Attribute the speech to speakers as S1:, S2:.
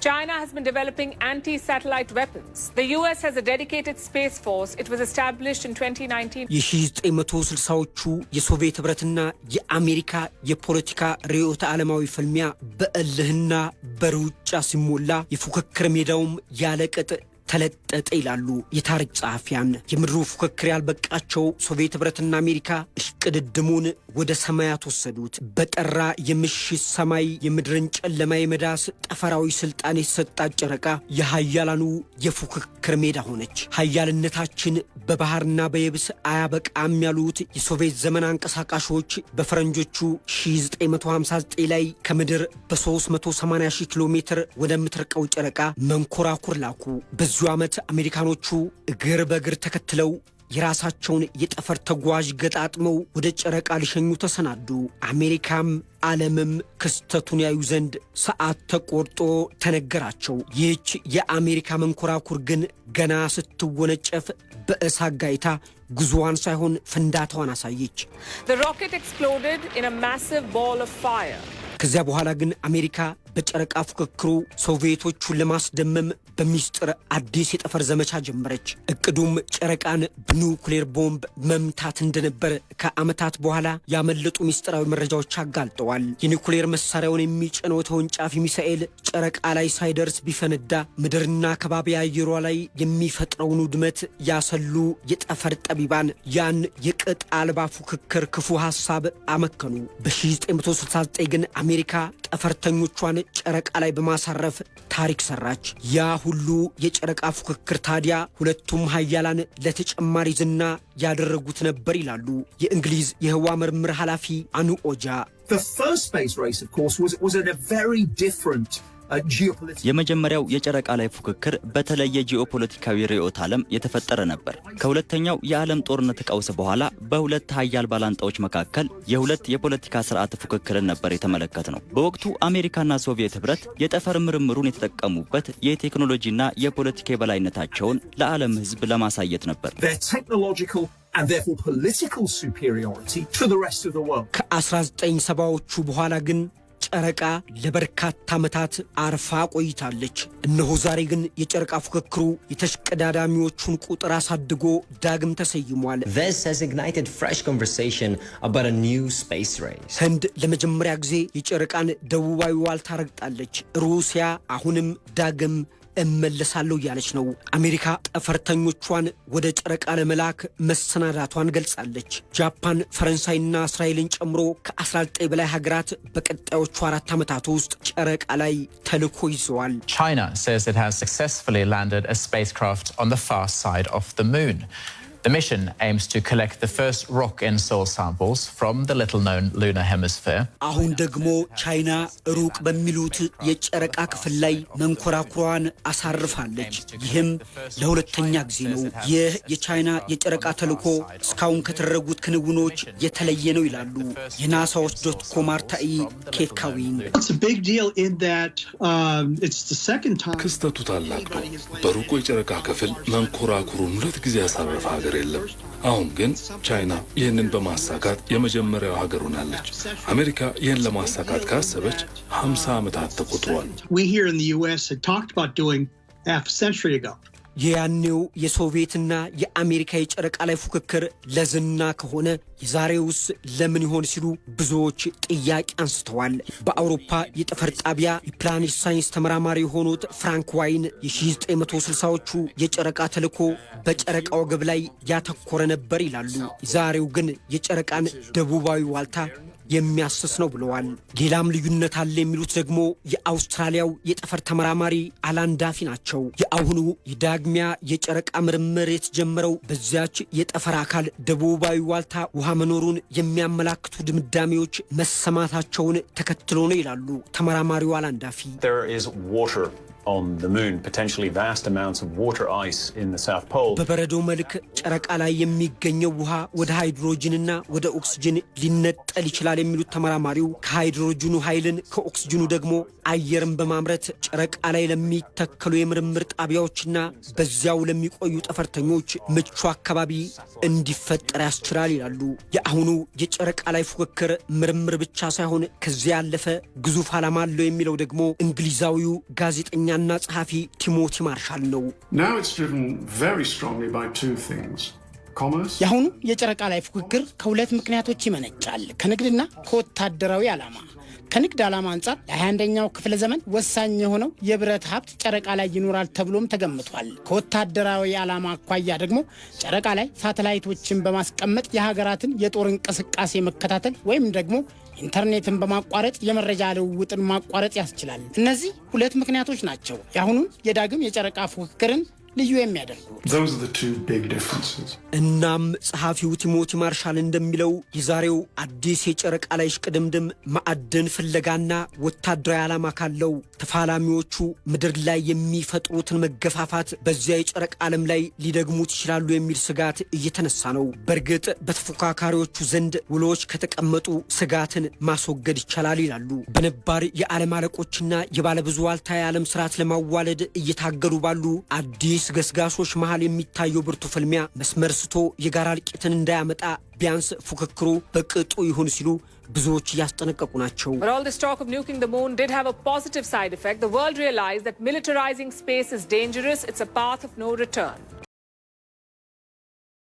S1: China has been developing anti satellite weapons. The US has a dedicated space force. It was established in 2019.
S2: የሶቪየት ህብረትና የአሜሪካ የፖለቲካ ርዕዮተ ዓለማዊ ፍልሚያ በእልህና በሩጫ ሲሞላ የፉክክር ሜዳውም ያለቅጥ ተለጠጠ ይላሉ የታሪክ ጸሐፊያን። የምድሩ ፉክክር ያልበቃቸው ሶቪየት ኅብረትና አሜሪካ እሽቅድድሙን ወደ ሰማያት ወሰዱት። በጠራ የምሽት ሰማይ የምድርን ጨለማ የመዳስ ጠፈራዊ ስልጣን የተሰጣት ጨረቃ የሀያላኑ የፉክክር ሜዳ ሆነች። ሀያልነታችን በባህርና በየብስ አያበቃም ያሉት የሶቪየት ዘመን አንቀሳቃሾች በፈረንጆቹ 1959 ላይ ከምድር በ380 ኪሎ ሜትር ወደምትርቀው ጨረቃ መንኮራኩር ላኩ። በዚሁ ዓመት አሜሪካኖቹ እግር በእግር ተከትለው የራሳቸውን የጠፈር ተጓዥ ገጣጥመው ወደ ጨረቃ ሊሸኙ ተሰናዱ። አሜሪካም ዓለምም ክስተቱን ያዩ ዘንድ ሰዓት ተቆርጦ ተነገራቸው። ይህች የአሜሪካ መንኮራኩር ግን ገና ስትወነጨፍ በእሳት ጋይታ ጉዞዋን ሳይሆን ፍንዳታዋን አሳየች። ከዚያ በኋላ ግን አሜሪካ በጨረቃ ፉክክሩ ሶቪየቶቹን ለማስደመም በሚስጥር አዲስ የጠፈር ዘመቻ ጀመረች። እቅዱም ጨረቃን በኒውክሌር ቦምብ መምታት እንደነበር ከዓመታት በኋላ ያመለጡ ሚስጥራዊ መረጃዎች አጋልጠዋል። የኒውክሌር መሳሪያውን የሚጭነው ተወንጫፊ ሚሳኤል ጨረቃ ላይ ሳይደርስ ቢፈነዳ ምድርና ከባቢ አየሯ ላይ የሚፈጥረውን ውድመት ያሰሉ የጠፈር ጠቢባን ያን የቅጥ አልባ ፉክክር ክፉ ሐሳብ አመከኑ። በ1969 ግን አሜሪካ ጠፈርተኞቿን ጨረቃ ላይ በማሳረፍ ታሪክ ሰራች። ያ ሁሉ የጨረቃ ፉክክር ታዲያ ሁለቱም ሀያላን ለተጨማሪ ዝና ያደረጉት ነበር ይላሉ የእንግሊዝ የህዋ ምርምር ኃላፊ አኑ ኦጃ። የመጀመሪያው የጨረቃ ላይ ፉክክር በተለየ ጂኦፖለቲካዊ ርዕዮተ ዓለም የተፈጠረ ነበር። ከሁለተኛው የዓለም ጦርነት ቀውስ በኋላ በሁለት ሀያል ባላንጣዎች መካከል የሁለት የፖለቲካ ስርዓት ፉክክርን ነበር የተመለከት ነው። በወቅቱ አሜሪካና ሶቪየት ህብረት የጠፈር ምርምሩን የተጠቀሙበት የቴክኖሎጂና የፖለቲካ የበላይነታቸውን ለዓለም ህዝብ ለማሳየት ነበር።
S3: ከ1970ዎቹ
S2: በኋላ ግን ጨረቃ ለበርካታ ዓመታት አርፋ ቆይታለች። እነሆ ዛሬ ግን የጨረቃ ፉክክሩ የተሽቀዳዳሚዎቹን ቁጥር አሳድጎ ዳግም ተሰይሟል። ህንድ ለመጀመሪያ ጊዜ የጨረቃን ደቡባዊ ዋልታ ረግጣለች። ሩሲያ አሁንም ዳግም እመለሳለሁ እያለች ነው። አሜሪካ ጠፈርተኞቿን ወደ ጨረቃ ለመላክ መሰናዳቷን ገልጻለች። ጃፓን፣ ፈረንሳይና እስራኤልን ጨምሮ ከ19 በላይ ሀገራት በቀጣዮቹ አራት ዓመታት ውስጥ ጨረቃ ላይ ተልዕኮ ይዘዋል።
S4: ቻይና says it has successfully landed a spacecraft on the The mission aims to collect the first rock and soil samples from the little known lunar hemisphere.
S2: አሁን ደግሞ ቻይና ሩቅ በሚሉት የጨረቃ ክፍል ላይ መንኮራኩሯን አሳርፋለች። ይህም ለሁለተኛ ጊዜ ነው። ይህ የቻይና የጨረቃ ተልዕኮ እስካሁን ከተደረጉት ክንውኖች የተለየ ነው ይላሉ የናሳ ዶት ኮም አርታኢ ኬት ካዊን።
S5: um,
S2: ክስተቱ ታላቅ ነው። በሩቁ የጨረቃ ክፍል መንኮራኩሩን ሁለት ጊዜ አሳርፋለች። ነገር የለም። አሁን ግን ቻይና ይህንን በማሳካት የመጀመሪያው ሀገር ሆናለች። አሜሪካ ይህን ለማሳካት ካሰበች 50 ዓመታት ተቆጥሯል። የያኔው የሶቪየትና የአሜሪካ የጨረቃ ላይ ፉክክር ለዝና ከሆነ የዛሬውስ ለምን ይሆን ሲሉ ብዙዎች ጥያቄ አንስተዋል። በአውሮፓ የጠፈር ጣቢያ የፕላኔት ሳይንስ ተመራማሪ የሆኑት ፍራንክ ዋይን የ1960ዎቹ የጨረቃ ተልዕኮ በጨረቃ ወገብ ላይ ያተኮረ ነበር ይላሉ። ዛሬው ግን የጨረቃን ደቡባዊ ዋልታ የሚያስስ ነው ብለዋል። ሌላም ልዩነት አለ የሚሉት ደግሞ የአውስትራሊያው የጠፈር ተመራማሪ አላን ዳፊ ናቸው። የአሁኑ የዳግሚያ የጨረቃ ምርምር የተጀመረው በዚያች የጠፈር አካል ደቡባዊ ዋልታ ውሃ መኖሩን የሚያመላክቱ ድምዳሜዎች መሰማታቸውን ተከትሎ ነው ይላሉ ተመራማሪው አላን ዳፊ በበረዶ መልክ ጨረቃ ላይ የሚገኘው ውሃ ወደ ሃይድሮጅንና ወደ ኦክስጅን ሊነጠል ይችላል የሚሉት ተመራማሪው ከሃይድሮጅኑ ኃይልን ከኦክስጅኑ ደግሞ አየርን በማምረት ጨረቃ ላይ ለሚተከሉ የምርምር ጣቢያዎችና በዚያው ለሚቆዩ ጠፈርተኞች ምቹ አካባቢ እንዲፈጠር ያስችላል ይላሉ። የአሁኑ የጨረቃ ላይ ፉክክር ምርምር ብቻ ሳይሆን ከዚያ ያለፈ ግዙፍ ዓላማ አለው የሚለው ደግሞ እንግሊዛዊው ጋዜጠኛ ጋዜጠኛና ጸሐፊ ቲሞቲ ማርሻል ነው። የአሁኑ የጨረቃ ላይ ፉክክር ከሁለት ምክንያቶች ይመነጫል፤ ከንግድና ከወታደራዊ ዓላማ ከንግድ ዓላማ አንጻር ለ21ኛው ክፍለ ዘመን ወሳኝ የሆነው የብረት ሀብት ጨረቃ ላይ ይኖራል ተብሎም ተገምቷል። ከወታደራዊ ዓላማ አኳያ ደግሞ ጨረቃ ላይ ሳተላይቶችን በማስቀመጥ የሀገራትን የጦር እንቅስቃሴ መከታተል ወይም ደግሞ ኢንተርኔትን በማቋረጥ የመረጃ ልውውጥን ማቋረጥ ያስችላል። እነዚህ ሁለት ምክንያቶች ናቸው የአሁኑን የዳግም የጨረቃ ፉክክርን ልዩ የሚያደርገው እናም ጸሐፊው ቲሞቲ ማርሻል እንደሚለው የዛሬው አዲስ የጨረቃ ላይ ሽቅድምድም ማዕድን ፍለጋና ወታደራዊ ዓላማ ካለው ተፋላሚዎቹ ምድር ላይ የሚፈጥሩትን መገፋፋት በዚያ የጨረቃ ዓለም ላይ ሊደግሙት ይችላሉ የሚል ስጋት እየተነሳ ነው። በእርግጥ በተፎካካሪዎቹ ዘንድ ውሎች ከተቀመጡ ስጋትን ማስወገድ ይቻላል ይላሉ። በነባር የዓለም አለቆችና የባለብዙ ዋልታ የዓለም ስርዓት ለማዋለድ እየታገሉ ባሉ አዲስ በእነዚህ ስገስጋሶች መሃል የሚታየው ብርቱ ፍልሚያ መስመር ስቶ የጋራ እልቂትን እንዳያመጣ ቢያንስ ፉክክሩ በቅጡ ይሁን ሲሉ ብዙዎች እያስጠነቀቁ ናቸው።
S1: ሚሊታራይዚንግ ስፔስ ኢዝ ዴንጀረስ ኢትስ አ ፓት ኦፍ ኖ ሪተርን